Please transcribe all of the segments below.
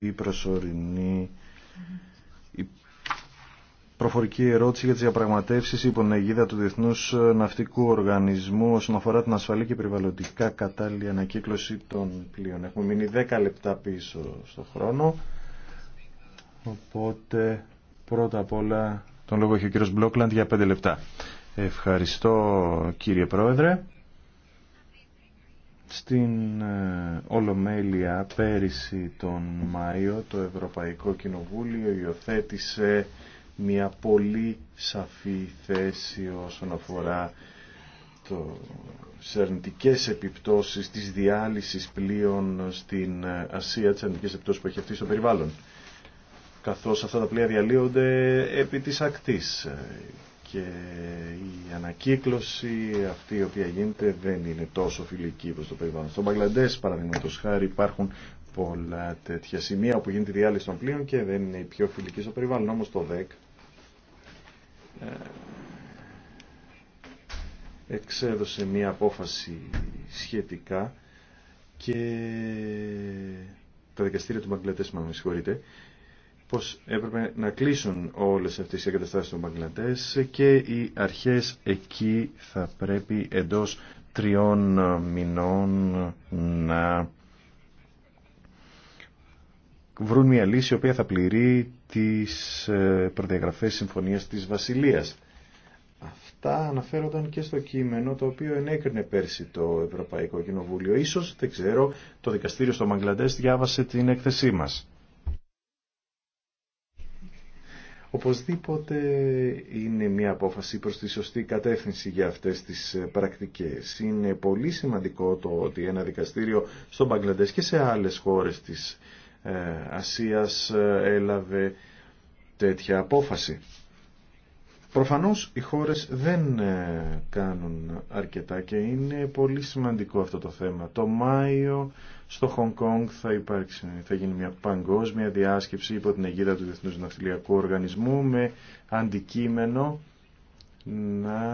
η προσωρινή η προφορική ερώτηση για τις διαπραγματεύσεις υπό την του Διεθνούς Ναυτικού Οργανισμού όσον αφορά την ασφαλή και περιβαλλοντικά κατάλληλη ανακύκλωση των πλοίων. Έχουμε μείνει 10 λεπτά πίσω στο χρόνο, οπότε πρώτα απ' όλα τον λόγο έχει ο κύριος Μπλόκλαντ για 5 λεπτά. Ευχαριστώ κύριε Πρόεδρε. Στην ε, Ολομέλεια πέρυσι τον Μάιο το Ευρωπαϊκό Κοινοβούλιο υιοθέτησε μια πολύ σαφή θέση όσον αφορά το αρνητικές επιπτώσεις της διάλυσης πλοίων στην ε, Ασία, τις αρνητικές επιπτώσεις που έχει αυτή στο περιβάλλον καθώς αυτά τα πλοία διαλύονται επί της ακτής και η ανακύκλωση αυτή η οποία γίνεται δεν είναι τόσο φιλική προς το περιβάλλον. Στον Παγκλαντές παραδείγματος χάρη υπάρχουν πολλά τέτοια σημεία όπου γίνεται διάλυση των πλοίων και δεν είναι η πιο φιλική στο περιβάλλον. Όμως το ΔΕΚ ε, εξέδωσε μία απόφαση σχετικά και τα δικαστήρια του Μαγκλαντές, με συγχωρείτε, πως έπρεπε να κλείσουν όλες αυτές οι εγκαταστάσεις των Μπαγκλαντές και οι αρχές εκεί θα πρέπει εντός τριών μηνών να βρουν μια λύση η οποία θα πληρεί τις ε, προδιαγραφές συμφωνίας της Βασιλείας. Αυτά αναφέρονταν και στο κείμενο το οποίο ενέκρινε πέρσι το Ευρωπαϊκό Κοινοβούλιο. Ίσως, δεν ξέρω, το δικαστήριο στο Μαγκλαντές διάβασε την έκθεσή μας. Οπωσδήποτε είναι μια απόφαση προς τη σωστή κατεύθυνση για αυτές τις ε, πρακτικές. Είναι πολύ σημαντικό το ότι ένα δικαστήριο στο Μπαγκλαντές και σε άλλες χώρες της ε, Ασίας ε, έλαβε τέτοια απόφαση. Προφανώς οι χώρες δεν ε, κάνουν αρκετά και είναι πολύ σημαντικό αυτό το θέμα. Το Μάιο στο Χονγκ Κόνγκ θα, θα γίνει μια παγκόσμια διάσκεψη υπό την αιγύδα του Διεθνούς Ναυτιλιακού Οργανισμού με αντικείμενο να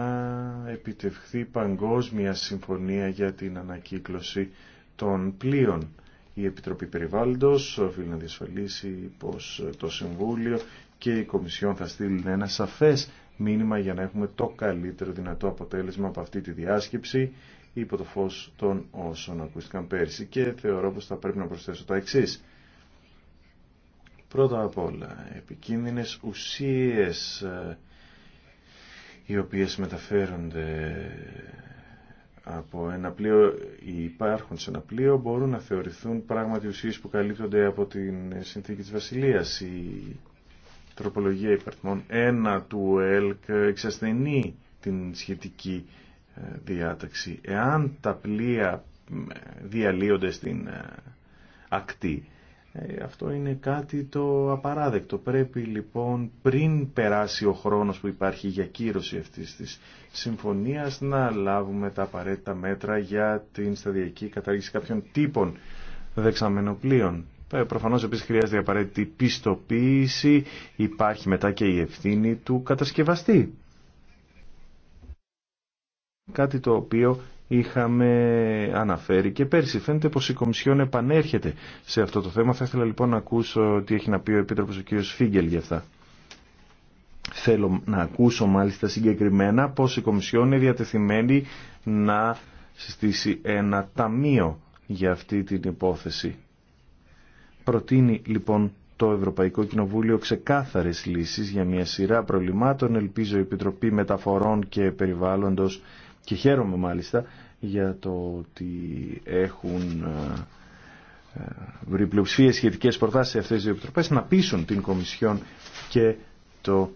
επιτευχθεί παγκόσμια συμφωνία για την ανακύκλωση των πλοίων. Η Επιτροπή Περιβάλλοντος οφείλει να διασφαλίσει πως το Συμβούλιο και η Κομισιόν θα στείλει ένα σαφές μήνυμα για να έχουμε το καλύτερο δυνατό αποτέλεσμα από αυτή τη διάσκεψη υπό το φως των όσων ακούστηκαν πέρσι και θεωρώ πως θα πρέπει να προσθέσω τα εξή. Πρώτα απ' όλα, επικίνδυνες ουσίες ε, οι οποίες μεταφέρονται από ένα πλοίο ή υπάρχουν σε ένα πλοίο μπορούν να θεωρηθούν πράγματι ουσίες που καλύπτονται από την συνθήκη της Βασιλείας. Η τροπολογία υπερθμών 1 του ΕΛΚ εξασθενεί την σχετική ε, διάταξη. Εάν τα πλοία διαλύονται στην ε, ακτή, ε, αυτό είναι κάτι το απαράδεκτο. Πρέπει λοιπόν πριν περάσει ο χρόνος που υπάρχει για κύρωση αυτής της συμφωνίας να λάβουμε τα απαραίτητα μέτρα για την σταδιακή κατάργηση κάποιων τύπων δεξαμενοπλοίων. Ε, προφανώς επίση χρειάζεται απαραίτητη πιστοποίηση, υπάρχει μετά και η ευθύνη του κατασκευαστή. Κάτι το οποίο είχαμε αναφέρει και πέρσι. Φαίνεται πως η Κομισιόν επανέρχεται σε αυτό το θέμα. Θα ήθελα λοιπόν να ακούσω τι έχει να πει ο Επίτροπος ο κ. Φίγκελ για αυτά. Θέλω να ακούσω μάλιστα συγκεκριμένα πως η Κομισιόν είναι διατεθειμένη να συστήσει ένα ταμείο για αυτή την υπόθεση. Προτείνει λοιπόν το Ευρωπαϊκό Κοινοβούλιο ξεκάθαρες λύσεις για μια σειρά προβλημάτων. Ελπίζω η Επιτροπή Μεταφορών και Περιβάλλοντος και χαίρομαι μάλιστα για το ότι έχουν ε, ε, βρει πλειοψηφίε σχετικέ προτάσει σε αυτέ τι επιτροπέ να πείσουν την Κομισιόν και το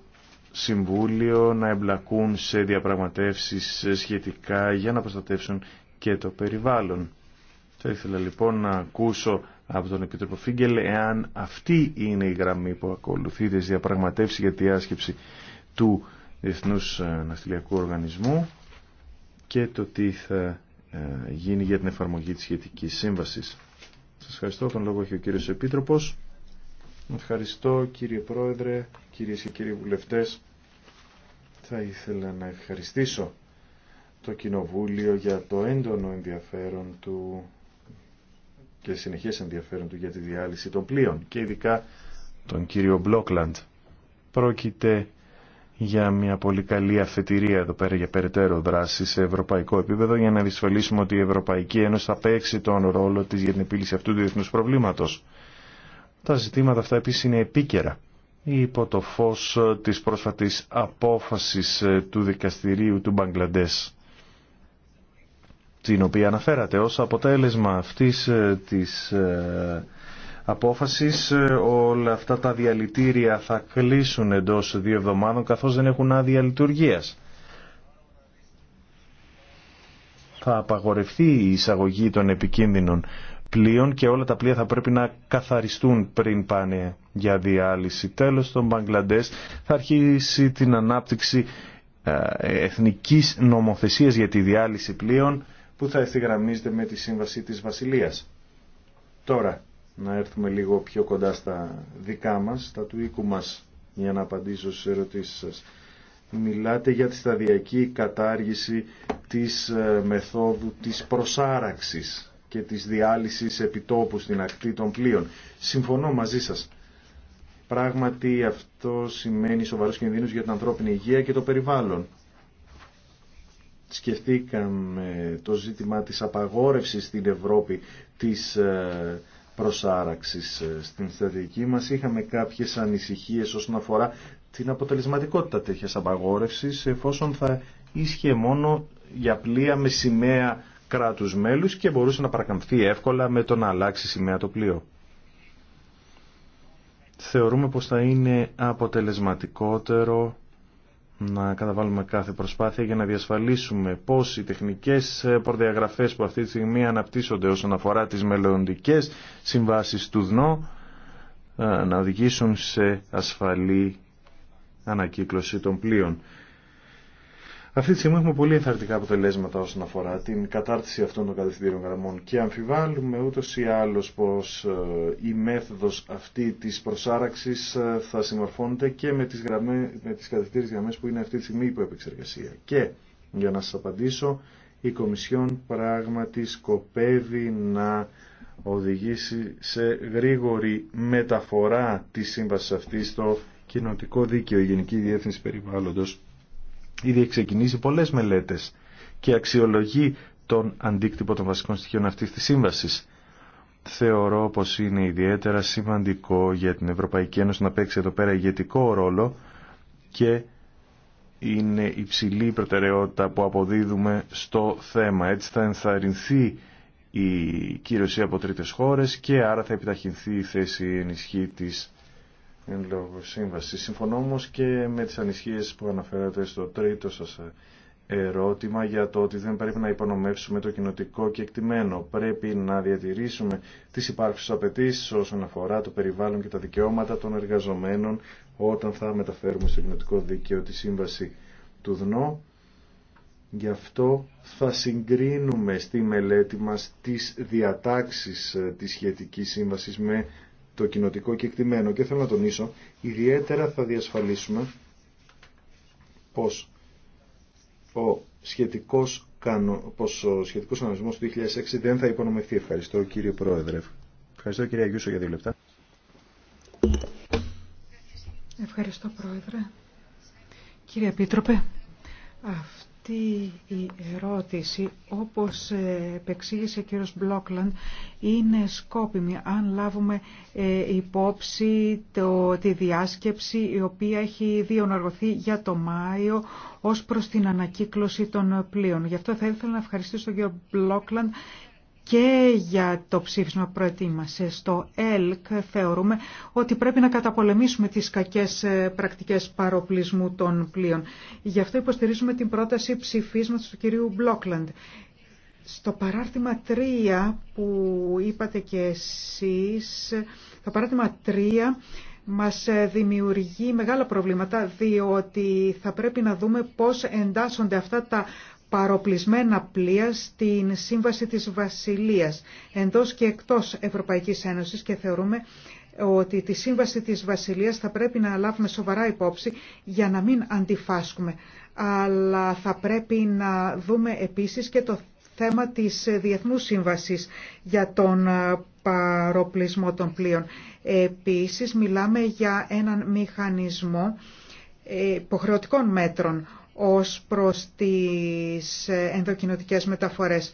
Συμβούλιο να εμπλακούν σε διαπραγματεύσεις σχετικά για να προστατεύσουν και το περιβάλλον. Θα ήθελα λοιπόν να ακούσω από τον Επίτροπο Φίγκελ εάν αυτή είναι η γραμμή που ακολουθείται στις διαπραγματεύσεις για τη διάσκεψη του Διεθνούς ε, Ναυτιλιακού Οργανισμού και το τι θα ε, γίνει για την εφαρμογή της σχετικής σύμβασης. Σας ευχαριστώ. Τον λόγο έχει ο κύριος Επίτροπος. Ευχαριστώ κύριε Πρόεδρε, κυρίες και κύριοι βουλευτές. Θα ήθελα να ευχαριστήσω το Κοινοβούλιο για το έντονο ενδιαφέρον του και συνεχές ενδιαφέρον του για τη διάλυση των πλοίων και ειδικά τον κύριο Μπλόκλαντ. Πρόκειται για μια πολύ καλή αφετηρία εδώ πέρα για περαιτέρω δράση σε ευρωπαϊκό επίπεδο για να δυσφαλίσουμε ότι η Ευρωπαϊκή Ένωση θα παίξει τον ρόλο της για την επίλυση αυτού του διεθνούς προβλήματος. Τα ζητήματα αυτά επίσης είναι επίκαιρα υπό το φως της πρόσφατης απόφασης ε, του δικαστηρίου του Μπαγκλαντές την οποία αναφέρατε. Ως αποτέλεσμα αυτής ε, της ε, απόφασης ε, όλα αυτά τα διαλυτήρια θα κλείσουν εντός δύο εβδομάδων καθώς δεν έχουν άδεια λειτουργίας. Θα απαγορευτεί η εισαγωγή των επικίνδυνων πλοίων και όλα τα πλοία θα πρέπει να καθαριστούν πριν πάνε για διάλυση. Τέλος, το Μπαγκλαντές θα αρχίσει την ανάπτυξη εθνικής νομοθεσίας για τη διάλυση πλοίων που θα ευθυγραμμίζεται με τη σύμβαση της Βασιλείας. Τώρα, να έρθουμε λίγο πιο κοντά στα δικά μας, στα του οίκου μας, για να απαντήσω στις ερωτήσεις σας. Μιλάτε για τη σταδιακή κατάργηση της ε, μεθόδου της προσάραξης και της διάλυσης επιτόπου στην ακτή των πλοίων. Συμφωνώ μαζί σας. Πράγματι αυτό σημαίνει σοβαρός κινδύνους για την ανθρώπινη υγεία και το περιβάλλον σκεφτήκαμε το ζήτημα της απαγόρευσης στην Ευρώπη της ε, προσάραξης ε, στην στρατηγική μας. Είχαμε κάποιες ανησυχίες όσον αφορά την αποτελεσματικότητα τέτοιας απαγόρευσης εφόσον θα ίσχυε μόνο για πλοία με σημαία κράτους μέλους και μπορούσε να παρακαμφθεί εύκολα με το να αλλάξει σημαία το πλοίο. Θεωρούμε πως θα είναι αποτελεσματικότερο να καταβάλουμε κάθε προσπάθεια για να διασφαλίσουμε πως οι τεχνικές προδιαγραφές που αυτή τη στιγμή αναπτύσσονται όσον αφορά τις μελλοντικέ συμβάσεις του ΔΝΟ ε, να οδηγήσουν σε ασφαλή ανακύκλωση των πλοίων. Αυτή τη στιγμή έχουμε πολύ ενθαρρυντικά αποτελέσματα όσον αφορά την κατάρτιση αυτών των κατευθυντήριων γραμμών και αμφιβάλλουμε ούτως ή άλλως πως ε, η μέθοδος αυτή της προσάραξης ε, θα συμμορφώνεται και με τις, γραμμέ, γραμμές που είναι αυτή τη στιγμή υπό επεξεργασία. Και για να σας απαντήσω, η Κομισιόν πράγματι σκοπεύει να οδηγήσει σε γρήγορη μεταφορά της σύμβασης αυτής στο κοινοτικό δίκαιο η Γενική Διεύθυνση Περιβάλλοντος ήδη ξεκινήσει πολλές μελέτες και αξιολογεί τον αντίκτυπο των βασικών στοιχείων αυτή της σύμβαση. Θεωρώ πως είναι ιδιαίτερα σημαντικό για την Ευρωπαϊκή Ένωση να παίξει εδώ πέρα ηγετικό ρόλο και είναι υψηλή η προτεραιότητα που αποδίδουμε στο θέμα. Έτσι θα ενθαρρυνθεί η κύρωση από τρίτες χώρες και άρα θα επιταχυνθεί η θέση ενισχύ εν λόγω σύμβαση. Συμφωνώ όμω και με τις ανησυχίε που αναφέρατε στο τρίτο σας ερώτημα για το ότι δεν πρέπει να υπονομεύσουμε το κοινοτικό και εκτιμένο. Πρέπει να διατηρήσουμε τις υπάρχουσες απαιτήσει όσον αφορά το περιβάλλον και τα δικαιώματα των εργαζομένων όταν θα μεταφέρουμε στο κοινοτικό δίκαιο τη σύμβαση του ΔΝΟ. Γι' αυτό θα συγκρίνουμε στη μελέτη μας τις διατάξεις της σχετικής σύμβασης με το κοινοτικό κεκτημένο και θέλω να τονίσω, ιδιαίτερα θα διασφαλίσουμε πως ο σχετικός, κανο... πως ο σχετικός του 2006 δεν θα υπονομευθεί. Ευχαριστώ κύριε Πρόεδρε. Ευχαριστώ κύριε Αγίουσο, για δύο λεπτά. Ευχαριστώ Πρόεδρε. Κύριε Επίτροπε, αυτή η ερώτηση, όπως ε, επεξήγησε ο κύριος Μπλόκλαντ, είναι σκόπιμη αν λάβουμε ε, υπόψη το, τη διάσκεψη η οποία έχει διονοργωθεί για το Μάιο ως προς την ανακύκλωση των πλοίων. Γι' αυτό θα ήθελα να ευχαριστήσω τον κύριο Μπλόκλαντ και για το ψήφισμα που προετοίμασε. Στο ΕΛΚ θεωρούμε ότι πρέπει να καταπολεμήσουμε τις κακές ε, πρακτικές παροπλισμού των πλοίων. Γι' αυτό υποστηρίζουμε την πρόταση ψηφίσματος του κυρίου Μπλόκλαντ. Στο παράρτημα 3 που είπατε και εσείς, το παράρτημα 3 μας ε, δημιουργεί μεγάλα προβλήματα διότι θα πρέπει να δούμε πώς εντάσσονται αυτά τα παροπλισμένα πλοία στην Σύμβαση της Βασιλείας εντός και εκτός Ευρωπαϊκής Ένωσης και θεωρούμε ότι τη Σύμβαση της Βασιλείας θα πρέπει να λάβουμε σοβαρά υπόψη για να μην αντιφάσκουμε. Αλλά θα πρέπει να δούμε επίσης και το θέμα της Διεθνούς Σύμβασης για τον ε, παροπλισμό των πλοίων. Επίσης μιλάμε για έναν μηχανισμό ε, υποχρεωτικών μέτρων ως προς τις ε, ενδοκινοτικές μεταφορές.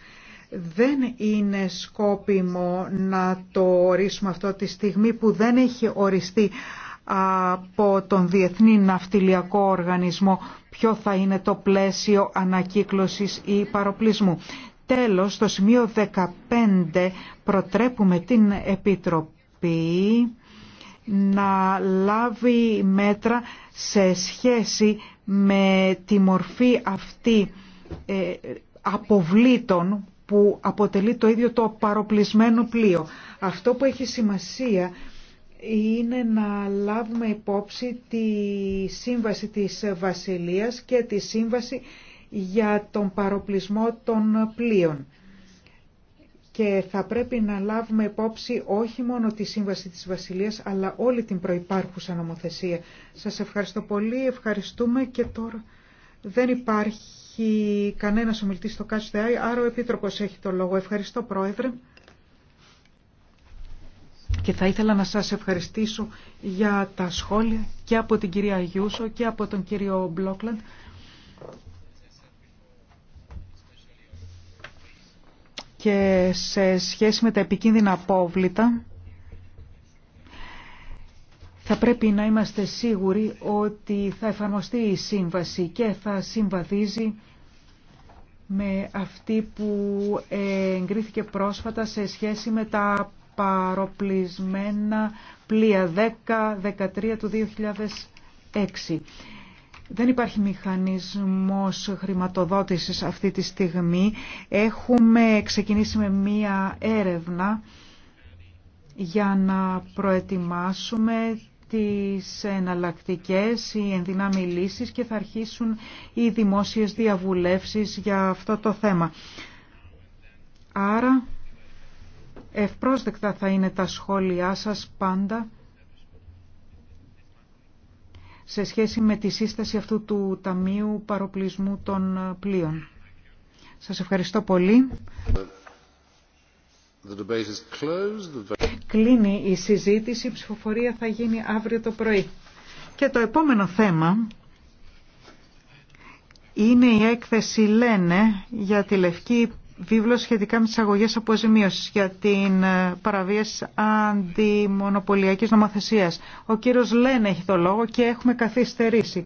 Δεν είναι σκόπιμο να το ορίσουμε αυτό τη στιγμή που δεν έχει οριστεί από τον Διεθνή Ναυτιλιακό Οργανισμό ποιο θα είναι το πλαίσιο ανακύκλωσης ή παροπλισμού. Τέλος, στο σημείο 15 προτρέπουμε την Επιτροπή να λάβει μέτρα σε σχέση με τη μορφή αυτή ε, αποβλήτων που αποτελεί το ίδιο το παροπλισμένο πλοίο. Αυτό που έχει σημασία είναι να λάβουμε υπόψη τη σύμβαση της Βασιλείας και τη σύμβαση για τον παροπλισμό των πλοίων. Και θα πρέπει να λάβουμε υπόψη όχι μόνο τη Σύμβαση της Βασιλείας, αλλά όλη την προϋπάρχουσα νομοθεσία. Σας ευχαριστώ πολύ, ευχαριστούμε και τώρα δεν υπάρχει κανένας ομιλητής στο ΚΑΣΤΕΑΗ άρα ο Επίτροπος έχει το λόγο. Ευχαριστώ Πρόεδρε. Και θα ήθελα να σας ευχαριστήσω για τα σχόλια και από την κυρία Γιούσο και από τον κύριο Μπλόκλαντ και σε σχέση με τα επικίνδυνα απόβλητα θα πρέπει να είμαστε σίγουροι ότι θα εφαρμοστεί η σύμβαση και θα συμβαδίζει με αυτή που εγκρίθηκε πρόσφατα σε σχέση με τα παροπλισμένα πλοία 10-13 του 2006. Δεν υπάρχει μηχανισμός χρηματοδότησης αυτή τη στιγμή. Έχουμε ξεκινήσει με μία έρευνα για να προετοιμάσουμε τις εναλλακτικές, ή ενδυνάμει λύσεις και θα αρχίσουν οι δημόσιες διαβουλεύσεις για αυτό το θέμα. Άρα ευπρόσδεκτα θα είναι τα σχόλιά σας πάντα σε σχέση με τη σύσταση αυτού του Ταμείου Παροπλισμού των Πλοίων. Σας ευχαριστώ πολύ. Κλείνει η συζήτηση, η ψηφοφορία θα γίνει αύριο το πρωί. Και το επόμενο θέμα είναι η έκθεση «Λένε» για τη Λευκή βίβλο σχετικά με τις αγωγές αποζημίωσης για την ε, παραβίαση αντιμονοπολιακής νομοθεσίας. Ο κύριος Λένε έχει το λόγο και έχουμε καθυστερήσει.